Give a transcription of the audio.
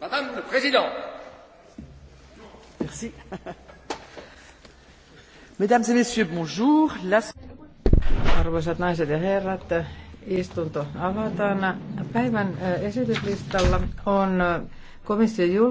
Madame le Président. Merci. Mesdames et Messieurs, bonjour. Arvoisat naiset ja herrat, istunto avataan. Päivän äh, esityslistalla on äh, komission julkinen